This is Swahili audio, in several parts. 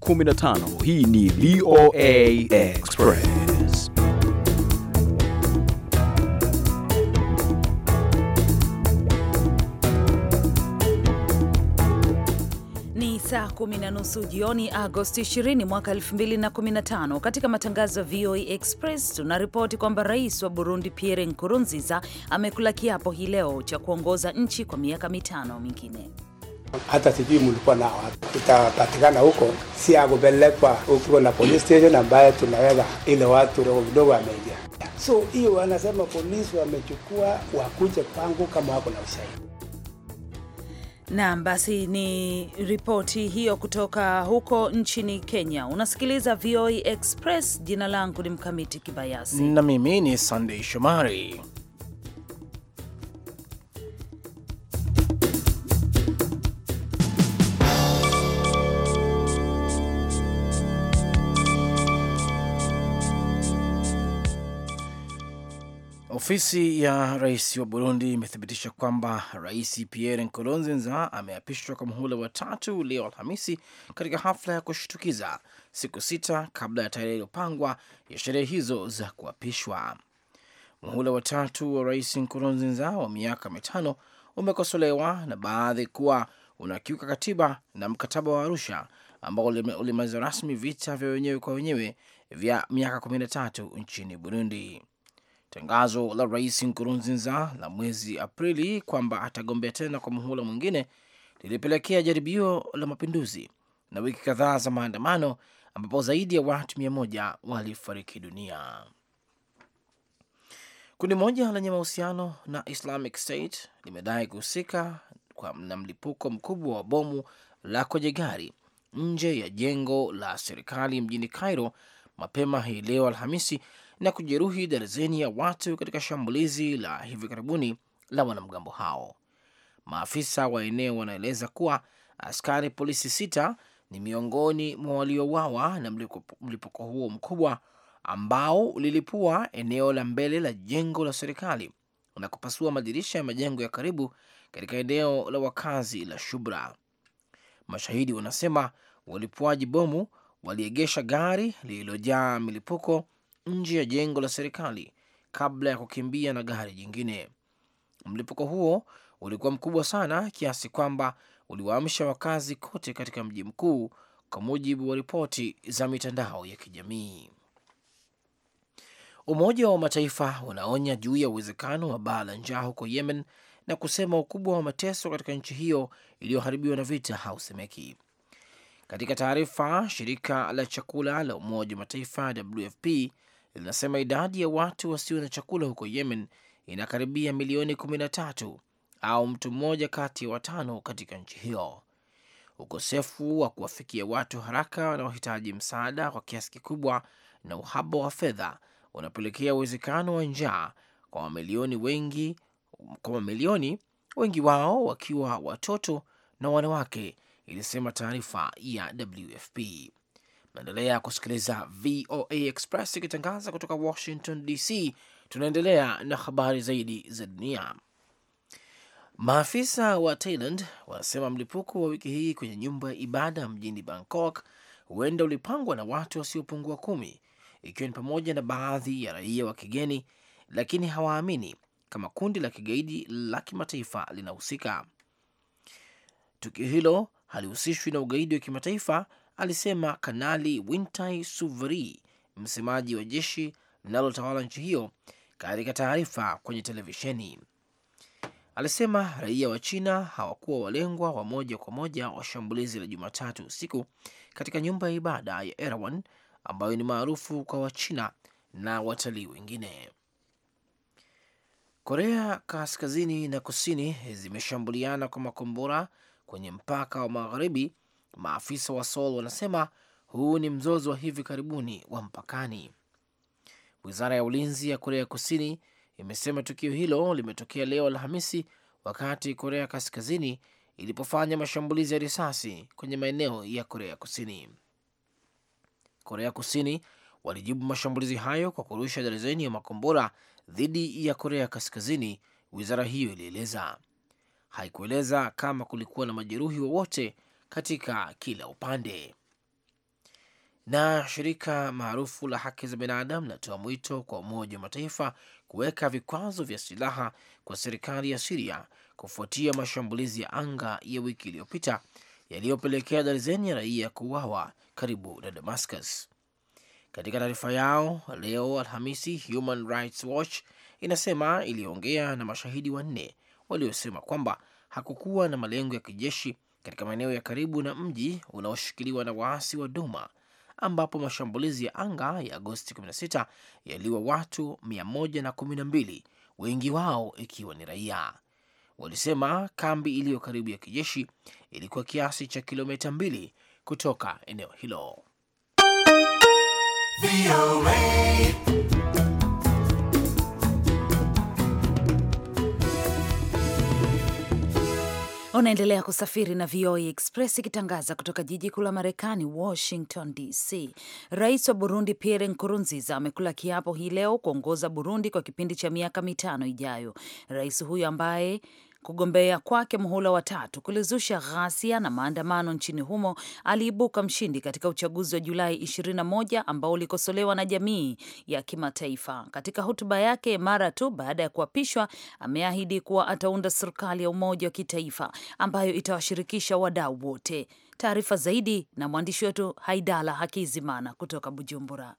studio 15 hii ni VOA Express. Ni saa kumi na nusu jioni Agosti 20 mwaka 2015. Katika matangazo ya VOA Express tunaripoti kwamba rais wa Burundi Pierre Nkurunziza amekula kiapo hii leo cha kuongoza nchi kwa miaka mitano mingine hata sijui mlikuwa na wapi. Itapatikana huko, si akupelekwa ukiwa na police station ambaye tunaweza ile watu roho kidogo wameingia. So hiyo wanasema polisi wamechukua, wakuje kwangu kama wako na ushahidi. Naam, basi ni ripoti hiyo kutoka huko nchini Kenya. Unasikiliza VOA e Express. Jina langu ni Mkamiti Kibayasi na mimi ni Sunday Shomari. Ofisi ya rais wa Burundi imethibitisha kwamba rais Pierre Nkurunziza ameapishwa kwa muhula wa tatu leo Alhamisi, katika hafla ya kushtukiza siku sita kabla ya tarehe iliyopangwa ya sherehe hizo za kuapishwa. Muhula wa tatu wa rais Nkurunziza wa miaka mitano umekosolewa na baadhi kuwa unakiuka katiba na mkataba wa Arusha ambao ulimaliza rasmi vita vya wenyewe kwa wenyewe vya miaka tatu nchini Burundi. Tangazo la Rais Nkurunziza la mwezi Aprili kwamba atagombea tena kwa muhula mwingine lilipelekea jaribio la mapinduzi na wiki kadhaa za maandamano ambapo zaidi ya watu mia moja walifariki dunia. Kundi moja lenye mahusiano na Islamic State limedai kuhusika na mlipuko mkubwa wa bomu la kwenye gari nje ya jengo la serikali mjini Cairo mapema hii leo Alhamisi, na kujeruhi darzeni ya watu katika shambulizi la hivi karibuni la wanamgambo hao. Maafisa wa eneo wanaeleza kuwa askari polisi sita ni miongoni mwa waliowawa na mlipuko huo mkubwa ambao ulilipua eneo la mbele la jengo la serikali na kupasua madirisha ya majengo ya karibu katika eneo la wakazi la Shubra. Mashahidi wanasema walipuaji bomu waliegesha gari lililojaa milipuko nje ya jengo la serikali kabla ya kukimbia na gari jingine. Mlipuko huo ulikuwa mkubwa sana kiasi kwamba uliwaamsha wakazi kote katika mji mkuu, kwa mujibu wa ripoti za mitandao ya kijamii. Umoja wa Mataifa unaonya juu ya uwezekano wa baa la njaa huko Yemen na kusema ukubwa wa mateso katika nchi hiyo iliyoharibiwa na vita hausemeki. Katika taarifa, shirika la chakula la Umoja wa Mataifa WFP linasema idadi ya watu wasio na chakula huko Yemen inakaribia milioni kumi na tatu au mtu mmoja kati ya watano katika nchi hiyo. Ukosefu wa kuwafikia watu haraka wanaohitaji msaada kwa kiasi kikubwa na uhaba wa fedha unapelekea uwezekano wa njaa kwa mamilioni wengi, kwa mamilioni wengi wao wakiwa watoto na wanawake, ilisema taarifa ya WFP. Naendelea kusikiliza VOA Express ikitangaza kutoka Washington DC. Tunaendelea na habari zaidi za dunia. Maafisa wa Thailand wanasema mlipuko wa wiki hii kwenye nyumba ya ibada mjini Bangkok huenda ulipangwa na watu wasiopungua kumi, ikiwa ni pamoja na baadhi ya raia wa kigeni, lakini hawaamini kama kundi la kigaidi la kimataifa linahusika. Tukio hilo halihusishwi na ugaidi wa kimataifa alisema Kanali Wintai Suveri, msemaji wa jeshi linalotawala nchi hiyo. Katika taarifa kwenye televisheni, alisema raia wa China hawakuwa walengwa wa moja kwa moja wa shambulizi la Jumatatu usiku katika nyumba ya ibada ya Erawan ambayo ni maarufu kwa Wachina na watalii wengine. Korea Kaskazini na Kusini zimeshambuliana kwa makombora kwenye mpaka wa magharibi Maafisa wa Seoul wanasema huu ni mzozo wa hivi karibuni wa mpakani. Wizara ya ulinzi ya Korea Kusini imesema tukio hilo limetokea leo Alhamisi wakati Korea Kaskazini ilipofanya mashambulizi ya risasi kwenye maeneo ya Korea Kusini. Korea Kusini walijibu mashambulizi hayo kwa kurusha darizeni ya makombora dhidi ya Korea Kaskazini, wizara hiyo ilieleza. Haikueleza kama kulikuwa na majeruhi wowote katika kila upande. Na shirika maarufu la haki za binadamu linatoa mwito kwa Umoja wa Mataifa kuweka vikwazo vya silaha kwa serikali ya Siria kufuatia mashambulizi ya anga ya wiki iliyopita yaliyopelekea darzeni ya raia kuuawa karibu na Damascus. Katika taarifa yao leo Alhamisi, Human Rights Watch inasema iliongea na mashahidi wanne waliosema kwamba hakukuwa na malengo ya kijeshi katika maeneo ya karibu na mji unaoshikiliwa na waasi wa Duma ambapo mashambulizi ya anga ya Agosti 16 yaliwa watu 112, wengi wao ikiwa ni raia. Walisema kambi iliyo karibu ya kijeshi ilikuwa kiasi cha kilomita mbili kutoka eneo hilo. Unaendelea kusafiri na VOA e Express ikitangaza kutoka jiji kuu la Marekani, Washington DC. Rais wa Burundi Pierre Nkurunziza amekula kiapo hii leo kuongoza Burundi kwa kipindi cha miaka mitano ijayo. Rais huyo ambaye Kugombea kwake muhula wa tatu kulizusha ghasia na maandamano nchini humo. Aliibuka mshindi katika uchaguzi wa Julai 21 ambao ulikosolewa na jamii ya kimataifa. Katika hotuba yake mara tu baada ya kuapishwa, ameahidi kuwa ataunda serikali ya umoja wa kitaifa ambayo itawashirikisha wadau wote. Taarifa zaidi na mwandishi wetu Haidala Hakizimana kutoka Bujumbura.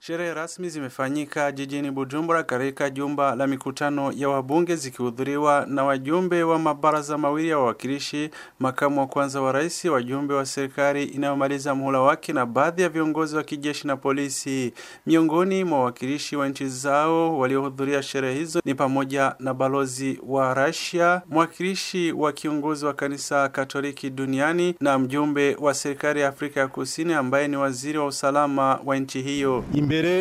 Sherehe rasmi zimefanyika jijini Bujumbura katika jumba la mikutano ya wabunge zikihudhuriwa na wajumbe wa mabaraza mawili ya wawakilishi, makamu wa kwanza wa rais, wajumbe wa serikali inayomaliza muhula wake na baadhi ya viongozi wa kijeshi na polisi. Miongoni mwa wawakilishi wa nchi zao waliohudhuria sherehe hizo ni pamoja na balozi wa Russia, mwakilishi wa kiongozi wa kanisa Katoliki duniani na mjumbe wa serikali ya Afrika ya Kusini ambaye ni waziri wa usalama wa nchi hiyo imbere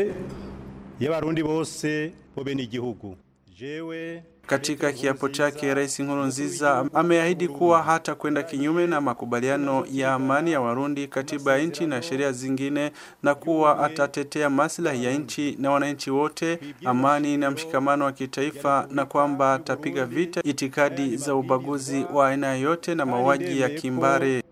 y'abarundi bose bo bene igihugu jewe katika kiapo chake Rais Nkurunziza ameahidi kuwa hata kwenda kinyume na makubaliano ya amani ya Warundi, katiba ya nchi na sheria zingine, na kuwa atatetea maslahi ya nchi na wananchi wote, amani na mshikamano wa kitaifa, na kwamba atapiga vita itikadi za ubaguzi wa aina yote na mauaji ya kimbari.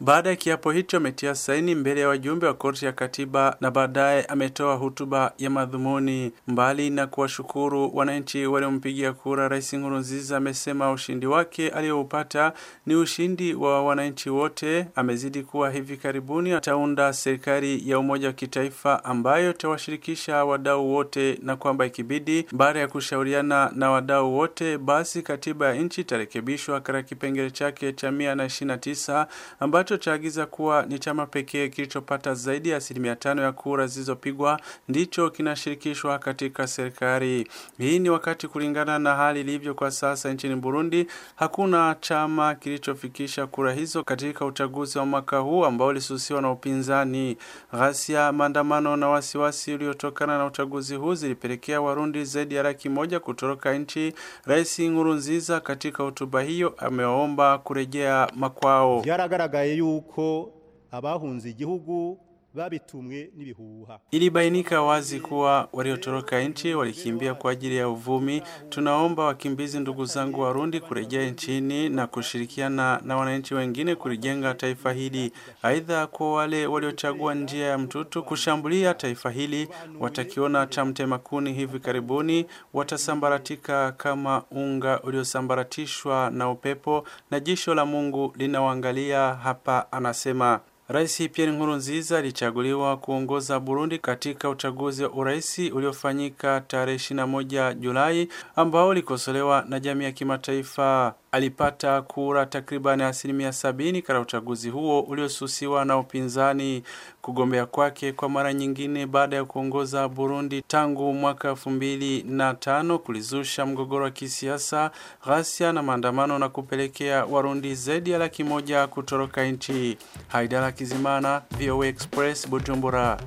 Baada ya kiapo hicho ametia saini mbele ya wajumbe wa korti ya katiba na baadaye ametoa hutuba ya madhumuni. Mbali na kuwashukuru wananchi waliompigia kura, Rais Nkurunziza amesema ushindi wake aliyoupata ni ushindi wa wananchi wote. Amezidi kuwa hivi karibuni ataunda serikali ya umoja wa kitaifa ambayo itawashirikisha wadau wote, na kwamba ikibidi, baada ya kushauriana na wadau wote, basi katiba ya nchi itarekebishwa katika kipengele chake cha mia na ishirini na tisa ambacho chaagiza kuwa ni chama pekee kilichopata zaidi ya asilimia tano ya kura zilizopigwa ndicho kinashirikishwa katika serikali. Hii ni wakati, kulingana na hali ilivyo kwa sasa nchini Burundi, hakuna chama kilichofikisha kura hizo katika uchaguzi wa mwaka huu ambao ulisusiwa na upinzani. Ghasia, maandamano na wasiwasi uliotokana na uchaguzi huu zilipelekea Warundi zaidi ya laki moja kutoroka nchi. Rais Nkurunziza katika hotuba hiyo amewaomba kurejea makwao. Yaragaragaye yuko abahunze igihugu babitumwe n'ibihuha. Ilibainika wazi kuwa waliotoroka nchi walikimbia kwa ajili ya uvumi. Tunaomba wakimbizi ndugu zangu Warundi kurejea nchini na kushirikiana na wananchi wengine kulijenga taifa hili. Aidha, kwa wale waliochagua njia ya mtutu kushambulia taifa hili, watakiona cha mtema hivi karibuni, watasambaratika kama unga uliosambaratishwa na upepo, na jisho la Mungu linawaangalia hapa, anasema. Rais Pierre Nkurunziza alichaguliwa kuongoza Burundi katika uchaguzi wa urais uliofanyika tarehe 21 Julai ambao ulikosolewa na jamii ya kimataifa alipata kura takriban asilimia sabini katika uchaguzi huo uliosusiwa na upinzani. Kugombea kwake kwa mara nyingine baada ya kuongoza Burundi tangu mwaka elfu mbili na tano kulizusha mgogoro wa kisiasa, ghasia na maandamano na kupelekea Warundi zaidi ya laki moja kutoroka nchi. Haidara Kizimana, VOA Express, Bujumbura.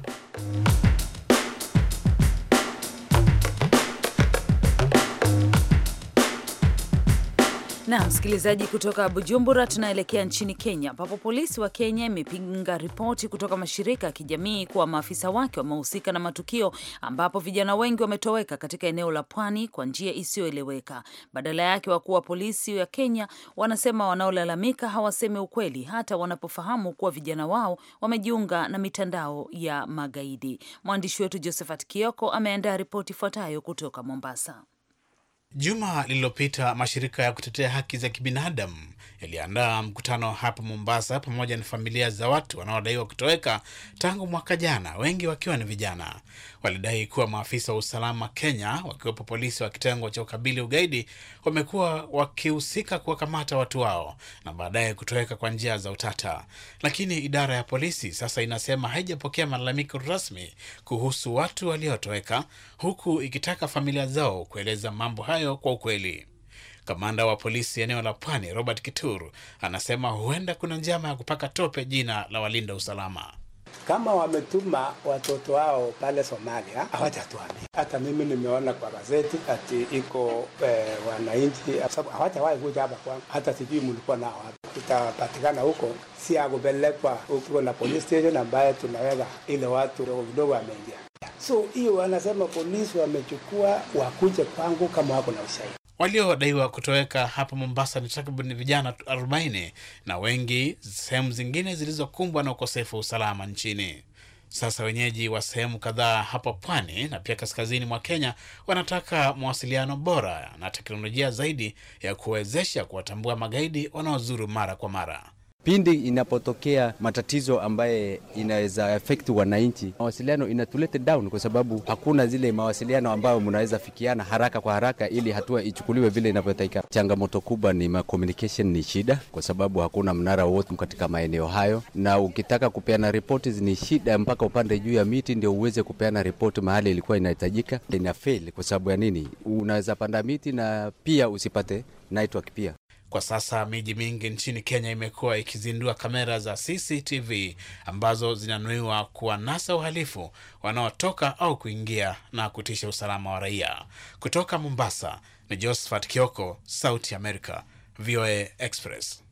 Na msikilizaji, kutoka Bujumbura tunaelekea nchini Kenya, ambapo polisi wa Kenya imepinga ripoti kutoka mashirika ya kijamii kuwa maafisa wake wamehusika na matukio ambapo vijana wengi wametoweka katika eneo la pwani kwa njia isiyoeleweka. Badala yake, wakuu wa polisi wa Kenya wanasema wanaolalamika hawasemi ukweli hata wanapofahamu kuwa vijana wao wamejiunga na mitandao ya magaidi. Mwandishi wetu Josephat Kioko ameandaa ripoti ifuatayo kutoka Mombasa. Juma lililopita mashirika ya kutetea haki za kibinadamu yaliandaa mkutano hapa Mombasa pamoja na familia za watu wanaodaiwa kutoweka tangu mwaka jana, wengi wakiwa ni vijana. Walidai kuwa maafisa wa usalama Kenya, wakiwepo polisi wa kitengo cha ukabili ugaidi, wamekuwa wakihusika kuwakamata watu wao na baadaye kutoweka kwa njia za utata. Lakini idara ya polisi sasa inasema haijapokea malalamiko rasmi kuhusu watu waliotoweka, huku ikitaka familia zao kueleza mambo hayo kwa ukweli. Kamanda wa polisi eneo la Pwani Robert Kituru anasema huenda kuna njama ya kupaka tope jina la walinda usalama. Kama wametuma watoto wao pale Somalia, hawajatuambia. Hata mimi nimeona kwa gazeti ati iko eh, wananchi, sababu hawajawahi kuja hapa kwangu, hata sijui mlikuwa nao hapa. Utapatikana huko, si akupelekwa huko na police station ambaye tunaweza ile watu dogo kidogo wameingia. So hiyo wanasema polisi wamechukua, wakuje kwangu kama wako na ushahidi. Waliodaiwa kutoweka hapa Mombasa ni takriban vijana 40 na wengi sehemu zingine zilizokumbwa na ukosefu wa usalama nchini. Sasa wenyeji wa sehemu kadhaa hapa pwani na pia kaskazini mwa Kenya wanataka mawasiliano bora na teknolojia zaidi ya kuwezesha kuwatambua magaidi wanaozuru mara kwa mara pindi inapotokea matatizo ambaye inaweza affect wananchi, mawasiliano inatulete down, kwa sababu hakuna zile mawasiliano ambayo mnaweza fikiana haraka kwa haraka ili hatua ichukuliwe vile inavyotakiwa. Changamoto kubwa ni ma communication ni shida, kwa sababu hakuna mnara wote katika maeneo hayo, na ukitaka kupeana ripoti ni shida, mpaka upande juu ya miti ndio uweze kupeana ripoti mahali ilikuwa inahitajika. Ina fail kwa sababu ya nini? Unaweza panda miti na pia usipate network pia. Kwa sasa miji mingi nchini Kenya imekuwa ikizindua kamera za CCTV ambazo zinanuiwa kuwanasa uhalifu wanaotoka au kuingia na kutisha usalama wa raia. Kutoka Mombasa ni Josephat Kioko, Sauti America, VOA Express.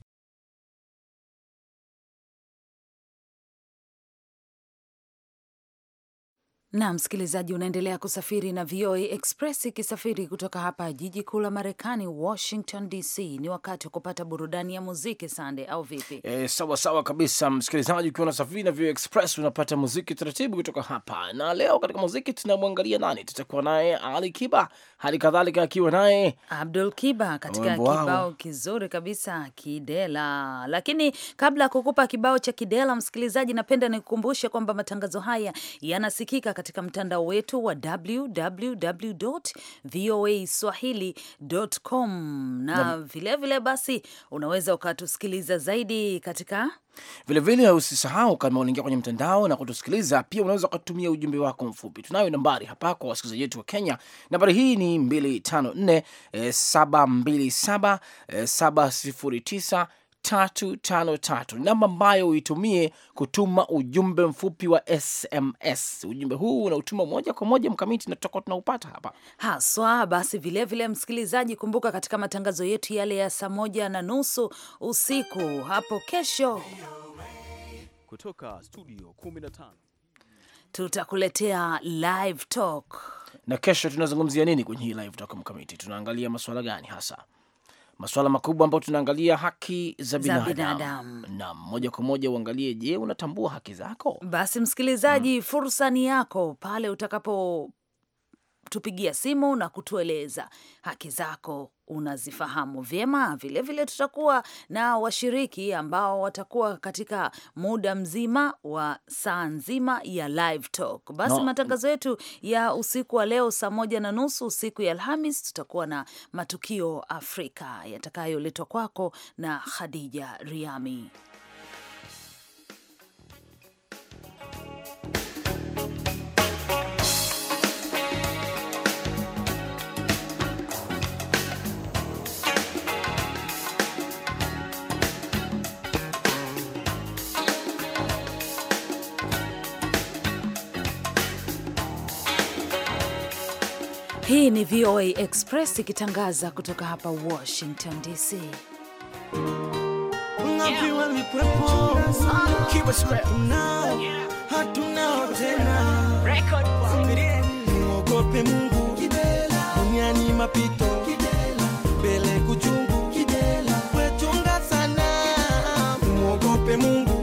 Na msikilizaji, unaendelea kusafiri na VOA Express ikisafiri kutoka hapa jiji kuu la Marekani, Washington DC. Ni wakati wa kupata burudani ya muziki, Sande au vipi? E, sawa sawa kabisa msikilizaji, ukiwa unasafiri na VOA Express unapata muziki taratibu kutoka hapa. Na leo katika muziki tunamwangalia nani? Tutakuwa naye Ali Kiba, hali kadhalika akiwa naye Abdul Kiba katika kibao kizuri kabisa Kidela. Lakini kabla ya kukupa kibao cha Kidela, msikilizaji, napenda nikukumbushe kwamba matangazo haya yanasikika katika mtandao wetu wa www voa swahili.com, na vilevile vile basi unaweza ukatusikiliza zaidi katika vilevile usisahau kama unaingia kwenye mtandao na kutusikiliza pia, unaweza ukatumia ujumbe wako mfupi. Tunayo nambari hapa kwa wasikilizaji wetu wa Kenya. Nambari hii ni 254 727 709 tatu namba ambayo uitumie kutuma ujumbe mfupi wa SMS. Ujumbe huu unautuma moja kwa moja mkamiti, na tutakuwa tunaupata hapa haswa. Basi vilevile msikilizaji, kumbuka katika matangazo yetu yale ya saa moja na nusu usiku hapo kesho kutoka studio 15 tutakuletea live talk, na kesho tunazungumzia nini kwenye hii live talk mkamiti? Tunaangalia masuala gani hasa? masuala makubwa ambayo tunaangalia haki za binadamu na moja kwa moja uangalie, je, unatambua haki zako? Basi msikilizaji, hmm, fursa ni yako pale utakapo kutupigia simu na kutueleza haki zako unazifahamu vyema. Vilevile tutakuwa na washiriki ambao watakuwa katika muda mzima wa saa nzima ya live talk. Basi no. matangazo yetu ya usiku wa leo saa moja na nusu usiku ya Alhamis, tutakuwa na matukio Afrika yatakayoletwa kwako na Khadija Riami. Hii ni VOA Express ikitangaza kutoka hapa Washington DC. Muogope Mungu, duniani mapito, mbele kuchungu, wechunga sana, muogope Mungu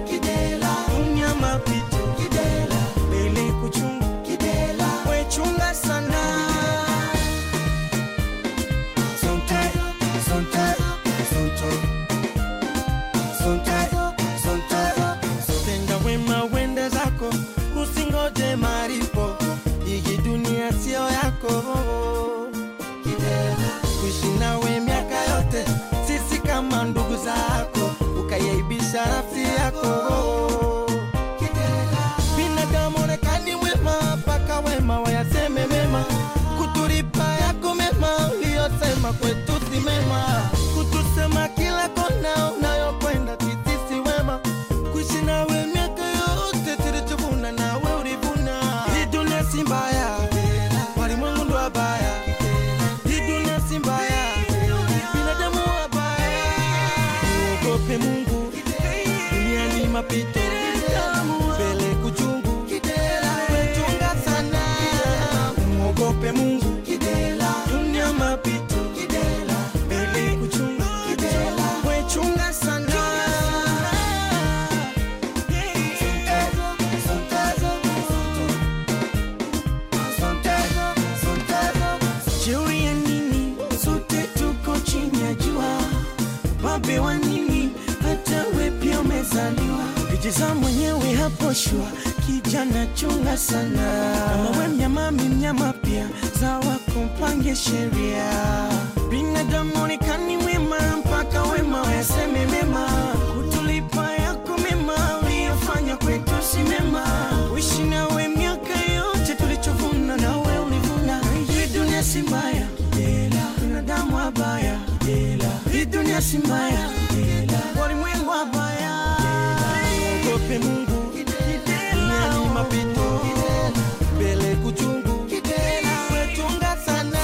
repito. kuoshwa. Kijana chunga sana, kama we mnyama, mi mnyama pia. Sawa kumpange sheria, binadamu onekani mwema mpaka wema wayaseme mema, kutulipa yako mema uliyofanya kwetu si mema, uishi nawe miaka yote, tulichovuna we ulivuna. Hii dunia si mbaya, binadamu wabaya, hii dunia si mbaya, walimwengu wabaya, ogope Mungu mapito mbele kuchungu wetunga sana,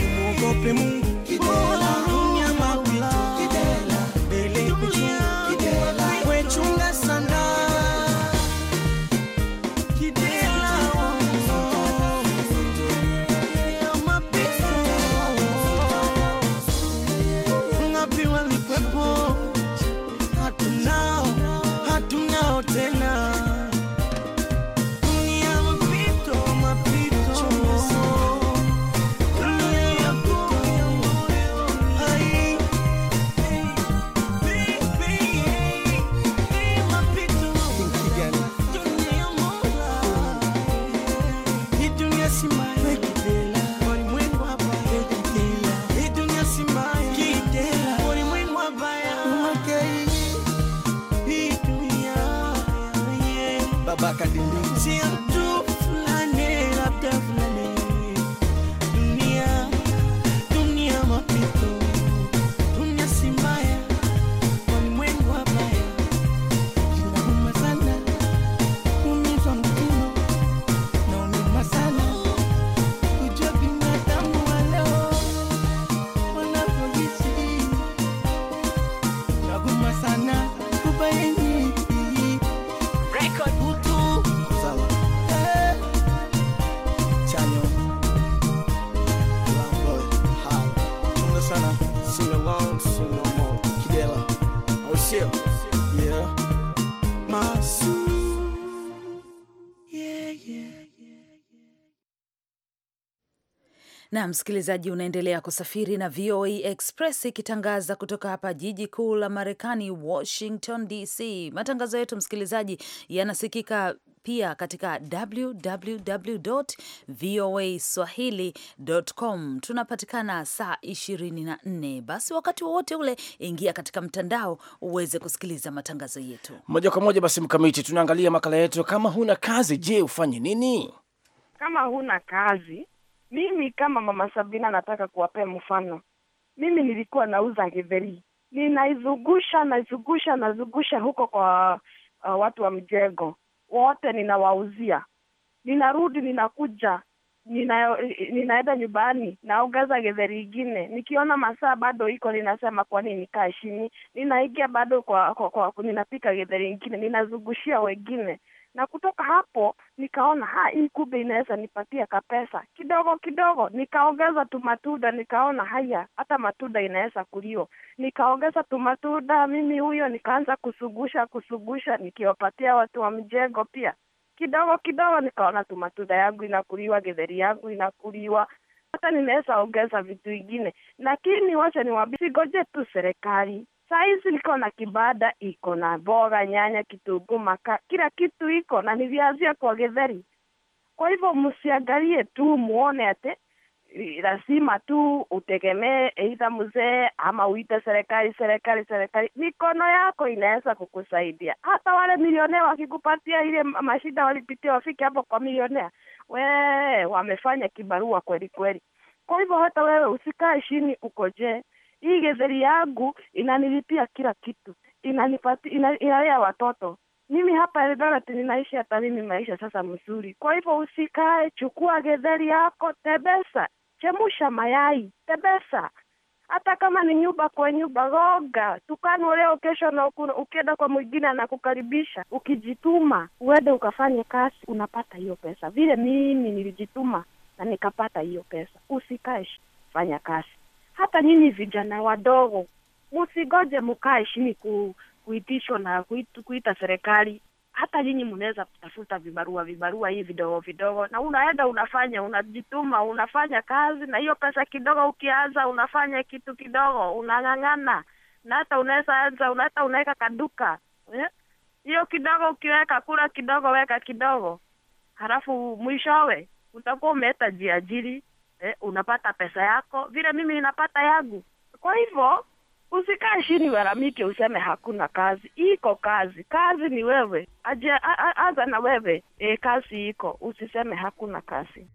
muogope Mungu. my soul. Na msikilizaji, unaendelea kusafiri na VOA Express ikitangaza kutoka hapa jiji kuu la Marekani, Washington DC. Matangazo yetu msikilizaji, yanasikika pia katika www voa swahili.com. Tunapatikana saa 24. Basi wakati wowote ule ingia katika mtandao uweze kusikiliza matangazo yetu moja kwa moja. Basi Mkamiti, tunaangalia makala yetu kama huna kazi. Je, ufanye nini kama huna kazi? Mimi kama mama Sabina nataka kuwapea mfano. Mimi nilikuwa nauza githeri, ninaizungusha nazungusha nazungusha huko kwa uh, watu wa mjengo wote, ninawauzia, ninarudi, ninakuja nina, ninaenda nyumbani naongeza gedheri ingine. Nikiona masaa bado iko, ninasema kwa nini kaa chini, ninaingia bado kwa, kwa, kwa, ninapika gedheri ingine, ninazungushia wengine na kutoka hapo nikaona ha, hii kube inaweza nipatia kapesa kidogo kidogo, nikaongeza tu nikaona haya, hata matuda inaweza kulio Nikaongeza tu mimi huyo, nikaanza kusugusha kusugusha, nikiwapatia watu wa mjengo pia kidogo kidogo, nikaona tu matuda yangu inakuliwa, gedheri yangu inakuliwa, hata ninaweza ongeza vitu ingine, lakini wacha niwambie, tu serikali saizi liko na kibada iko na mboga, nyanya, kitungu maka kila kitu iko na ni viazi kwa githeri. Kwa hivyo msiangalie tu muone ate lazima tu utegemee eidha mzee ama uite serikali serikali serikali. Mikono yako inaweza kukusaidia. Hata wale milionea wakikupatia ile mashida walipitia, wafike hapo kwa milionea, wee wamefanya kibarua kweli kweli. Kwa hivyo hata wewe usikae chini ukoje, hii gezeli yangu inanilipia kila kitu, inanipati ina, inalea watoto mimi hapa Eldoret ninaishi hata mimi maisha sasa mzuri. Kwa hivyo usikae, chukua gedheri yako, tebesa, chemusha mayai, tebesa. Hata kama ni nyumba kwa nyumba, goga tukano leo, kesho na ukienda kwa mwingine anakukaribisha. Ukijituma uende ukafanye kazi, unapata hiyo pesa, vile mimi nilijituma na nikapata hiyo pesa. Usikae, fanya kazi hata nyinyi vijana wadogo msigoje mkae chini ku, kuitishwa na kuitu, kuita serikali hata nyinyi mnaweza kutafuta vibarua vibarua hii vidogo vidogo, na unaenda unafanya, unajituma, unafanya kazi, na hiyo pesa kidogo, ukianza unafanya kitu kidogo, unang'ang'ana, na hata unaweza anza, hata unaweka kaduka eh? hiyo eh, kidogo, ukiweka kula kidogo, weka kidogo, halafu mwishowe utakuwa umeeta jiajiri eh, unapata pesa yako vile mimi ninapata yangu. Kwa hivyo usikae chini waramike useme hakuna kazi. Iko kazi, kazi ni wewe, aje anza na wewe e, kazi iko, usiseme hakuna kazi.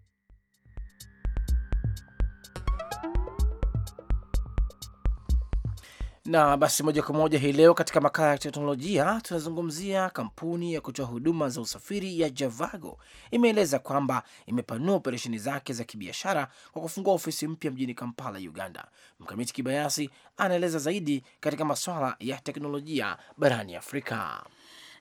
na basi, moja kwa moja hii leo katika makala ya teknolojia tunazungumzia kampuni ya kutoa huduma za usafiri ya Javago imeeleza kwamba imepanua operesheni zake za kibiashara kwa kufungua ofisi mpya mjini Kampala, Uganda. Mkamiti Kibayasi anaeleza zaidi katika masuala ya teknolojia barani Afrika.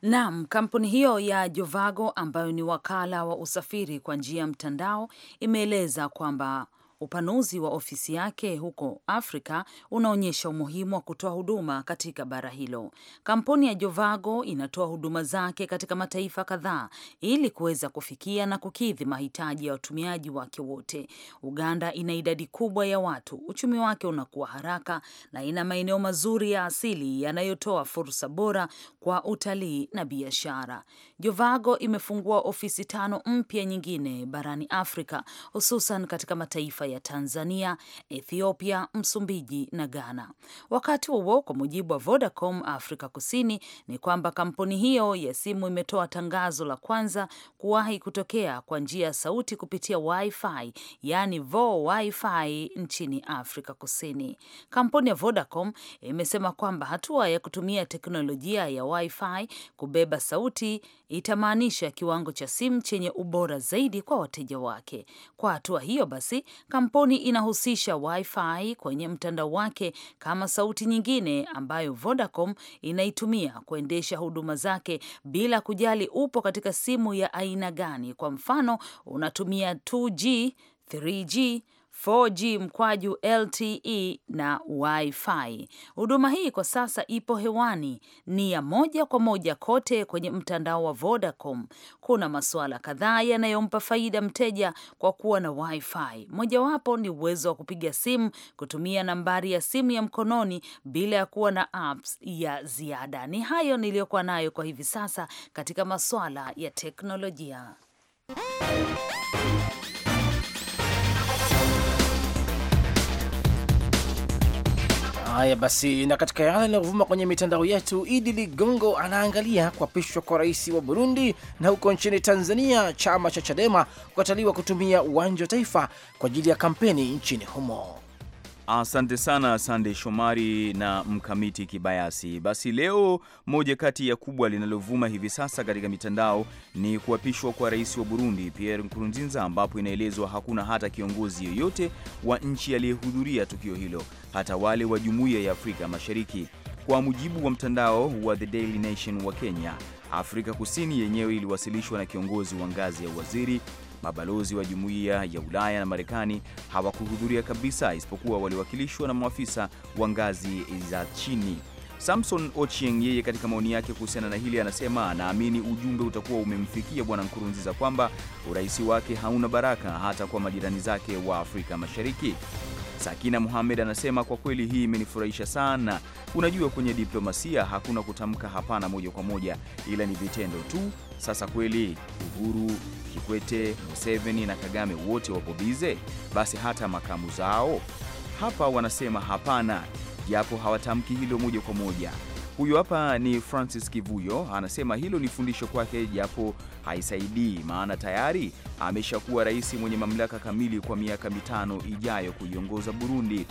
Naam, kampuni hiyo ya Jovago ambayo ni wakala wa usafiri kwa njia ya mtandao imeeleza kwamba Upanuzi wa ofisi yake huko Afrika unaonyesha umuhimu wa kutoa huduma katika bara hilo. Kampuni ya Jovago inatoa huduma zake katika mataifa kadhaa ili kuweza kufikia na kukidhi mahitaji ya watumiaji wake wote. Uganda ina idadi kubwa ya watu, uchumi wake unakuwa haraka na ina maeneo mazuri ya asili yanayotoa fursa bora kwa utalii na biashara. Jovago imefungua ofisi tano mpya nyingine barani Afrika, hususan katika mataifa ya Tanzania, Ethiopia, Msumbiji na Ghana. Wakati huo, kwa mujibu wa Vodacom Afrika Kusini, ni kwamba kampuni hiyo ya simu imetoa tangazo la kwanza kuwahi kutokea kwa njia ya sauti kupitia wifi, yaani vo wifi nchini Afrika Kusini. Kampuni ya Vodacom imesema kwamba hatua ya kutumia teknolojia ya wifi kubeba sauti itamaanisha kiwango cha simu chenye ubora zaidi kwa wateja wake. Kwa hatua hiyo basi kampuni inahusisha wifi kwenye mtandao wake kama sauti nyingine ambayo Vodacom inaitumia kuendesha huduma zake bila kujali upo katika simu ya aina gani. Kwa mfano, unatumia 2G, 3G 4G mkwaju LTE na Wi-Fi. Huduma hii kwa sasa ipo hewani, ni ya moja kwa moja kote kwenye mtandao wa Vodacom. Kuna masuala kadhaa yanayompa faida mteja kwa kuwa na Wi-Fi. Mojawapo ni uwezo wa kupiga simu kutumia nambari ya simu ya mkononi bila ya kuwa na apps ya ziada. Ni hayo niliyokuwa nayo kwa hivi sasa katika masuala ya teknolojia. Haya basi, na katika yale yanayovuma kwenye mitandao yetu, Idi Ligongo anaangalia kuapishwa kwa rais wa Burundi, na huko nchini Tanzania chama cha Chadema kukataliwa kutumia uwanja wa Taifa kwa ajili ya kampeni nchini humo. Asante sana Sande Shomari na Mkamiti Kibayasi. Basi leo, moja kati ya kubwa linalovuma hivi sasa katika mitandao ni kuapishwa kwa rais wa Burundi Pierre Nkurunziza, ambapo inaelezwa hakuna hata kiongozi yoyote wa nchi aliyehudhuria tukio hilo, hata wale wa Jumuiya ya Afrika Mashariki. Kwa mujibu wa mtandao wa The Daily Nation wa Kenya, Afrika Kusini yenyewe iliwasilishwa na kiongozi wa ngazi ya waziri mabalozi wa jumuiya ya Ulaya na Marekani hawakuhudhuria kabisa, isipokuwa waliwakilishwa na maafisa wa ngazi za chini. Samson Ochieng yeye katika maoni yake kuhusiana na hili anasema anaamini ujumbe utakuwa umemfikia Bwana Nkurunziza kwamba urais wake hauna baraka hata kwa majirani zake wa Afrika Mashariki. Sakina Muhamed anasema kwa kweli hii imenifurahisha sana. Unajua, kwenye diplomasia hakuna kutamka hapana moja kwa moja, ila ni vitendo tu sasa kweli Uhuru, Kikwete, Museveni na Kagame wote wapo bize? Basi hata makamu zao hapa wanasema hapana, japo hawatamki hilo moja kwa moja. Huyu hapa ni Francis Kivuyo anasema hilo ni fundisho kwake, japo haisaidii, maana tayari ameshakuwa rais mwenye mamlaka kamili kwa miaka mitano ijayo kuiongoza Burundi.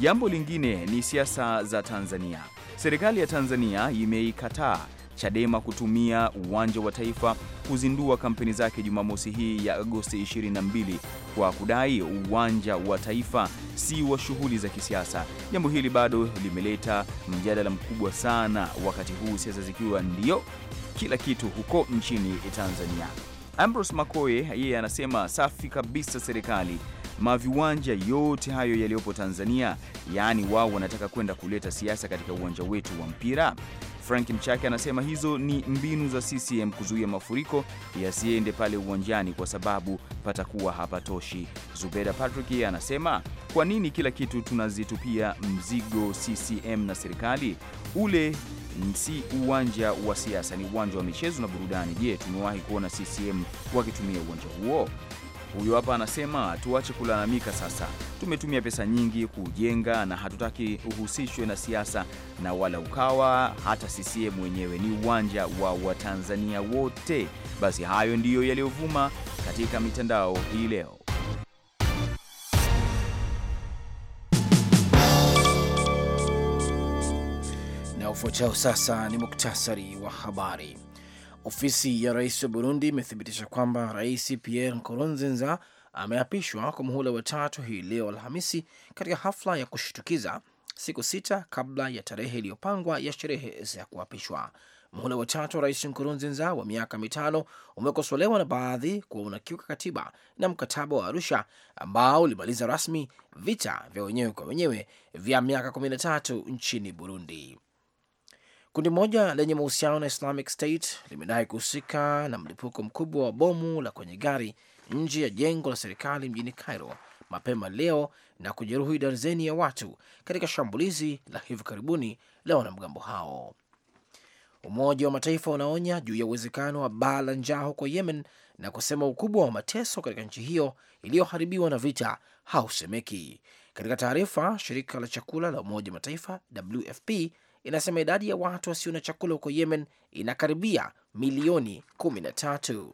Jambo lingine ni siasa za Tanzania. Serikali ya Tanzania imeikataa Chadema kutumia uwanja wa Taifa kuzindua kampeni zake Jumamosi hii ya Agosti 22 kwa kudai uwanja wa Taifa si wa shughuli za kisiasa. Jambo hili bado limeleta mjadala mkubwa sana, wakati huu siasa zikiwa ndio kila kitu huko nchini Tanzania. Ambrose Makoye yeye anasema safi kabisa serikali maviwanja yote hayo yaliyopo Tanzania, yaani wao wanataka kwenda kuleta siasa katika uwanja wetu wa mpira. Frank Mchake anasema hizo ni mbinu za CCM kuzuia mafuriko yasiende pale uwanjani, kwa sababu patakuwa hapatoshi. Zubeda Patrick anasema kwa nini kila kitu tunazitupia mzigo CCM na serikali? Ule si uwanja wa siasa, ni uwanja wa michezo na burudani. Je, tumewahi kuona CCM wakitumia uwanja huo? Huyo hapa anasema tuache kulalamika sasa, tumetumia pesa nyingi kujenga na hatutaki uhusishwe na siasa na wala Ukawa hata CCM wenyewe, ni uwanja wa Watanzania wote. Basi hayo ndiyo yaliyovuma katika mitandao hii leo. Na ufuatao sasa ni muktasari wa habari. Ofisi ya rais wa Burundi imethibitisha kwamba Rais Pierre Nkurunziza ameapishwa kwa muhula wa tatu hii leo Alhamisi, katika hafla ya kushtukiza siku sita kabla ya tarehe iliyopangwa ya sherehe za kuapishwa. Muhula wa tatu wa rais Nkurunziza wa miaka mitano umekosolewa na baadhi kuwa unakiuka katiba na mkataba wa Arusha ambao ulimaliza rasmi vita vya wenyewe kwa wenyewe vya miaka tatu nchini Burundi. Kundi moja lenye mahusiano na Islamic State limedai kuhusika na mlipuko mkubwa wa bomu la kwenye gari nje ya jengo la serikali mjini Cairo mapema leo na kujeruhi darzeni ya watu katika shambulizi la hivi karibuni la wanamgambo hao. Umoja wa Mataifa unaonya juu ya uwezekano wa baa la njaa huko Yemen na kusema ukubwa wa mateso katika nchi hiyo iliyoharibiwa na vita hausemeki. Katika taarifa, shirika la chakula la Umoja wa Mataifa WFP inasema idadi ya watu wasio na chakula huko Yemen inakaribia milioni 13.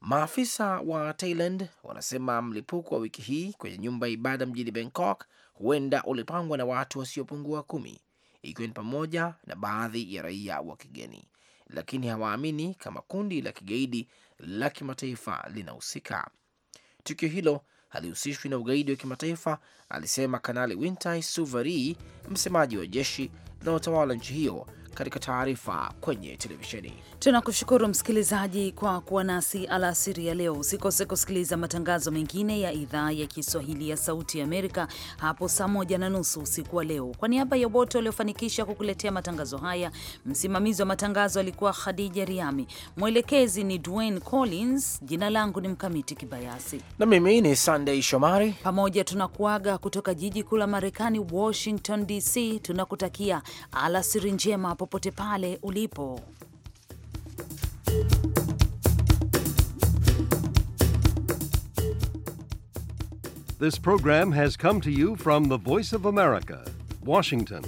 Maafisa wa Thailand wanasema mlipuko wa wiki hii kwenye nyumba ya ibada mjini Bangkok huenda ulipangwa na watu wasiopungua kumi, ikiwa ni pamoja na baadhi ya raia wa kigeni, lakini hawaamini kama kundi la kigaidi la kimataifa linahusika. Tukio hilo halihusishwi na ugaidi wa kimataifa, alisema Kanali Wintai Suvari, msemaji wa jeshi lower to Ireland to heal. katika taarifa kwenye televisheni. Tunakushukuru msikilizaji kwa kuwa nasi alasiri ya leo. Usikose kusikiliza matangazo mengine ya idhaa ya Kiswahili ya Sauti ya Amerika hapo saa moja na nusu usiku wa leo. Kwa niaba ya wote waliofanikisha kukuletea matangazo haya, msimamizi wa matangazo alikuwa Khadija Riami, mwelekezi ni Dwayne Collins, jina langu ni Mkamiti Kibayasi na mimi ni sandey Shomari. Pamoja tunakuaga kutoka jiji kuu la Marekani, Washington DC. Tunakutakia alasiri njema hapo popote pale ulipo. This program has come to you from the Voice of America, Washington.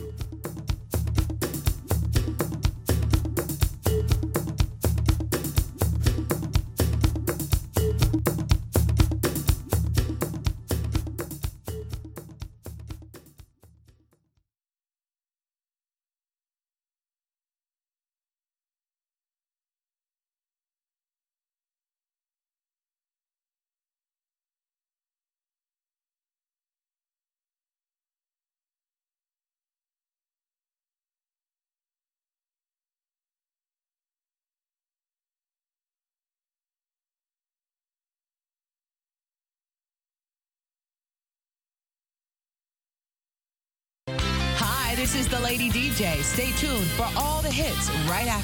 This is the Lady DJ. Stay tuned for all the hits right after.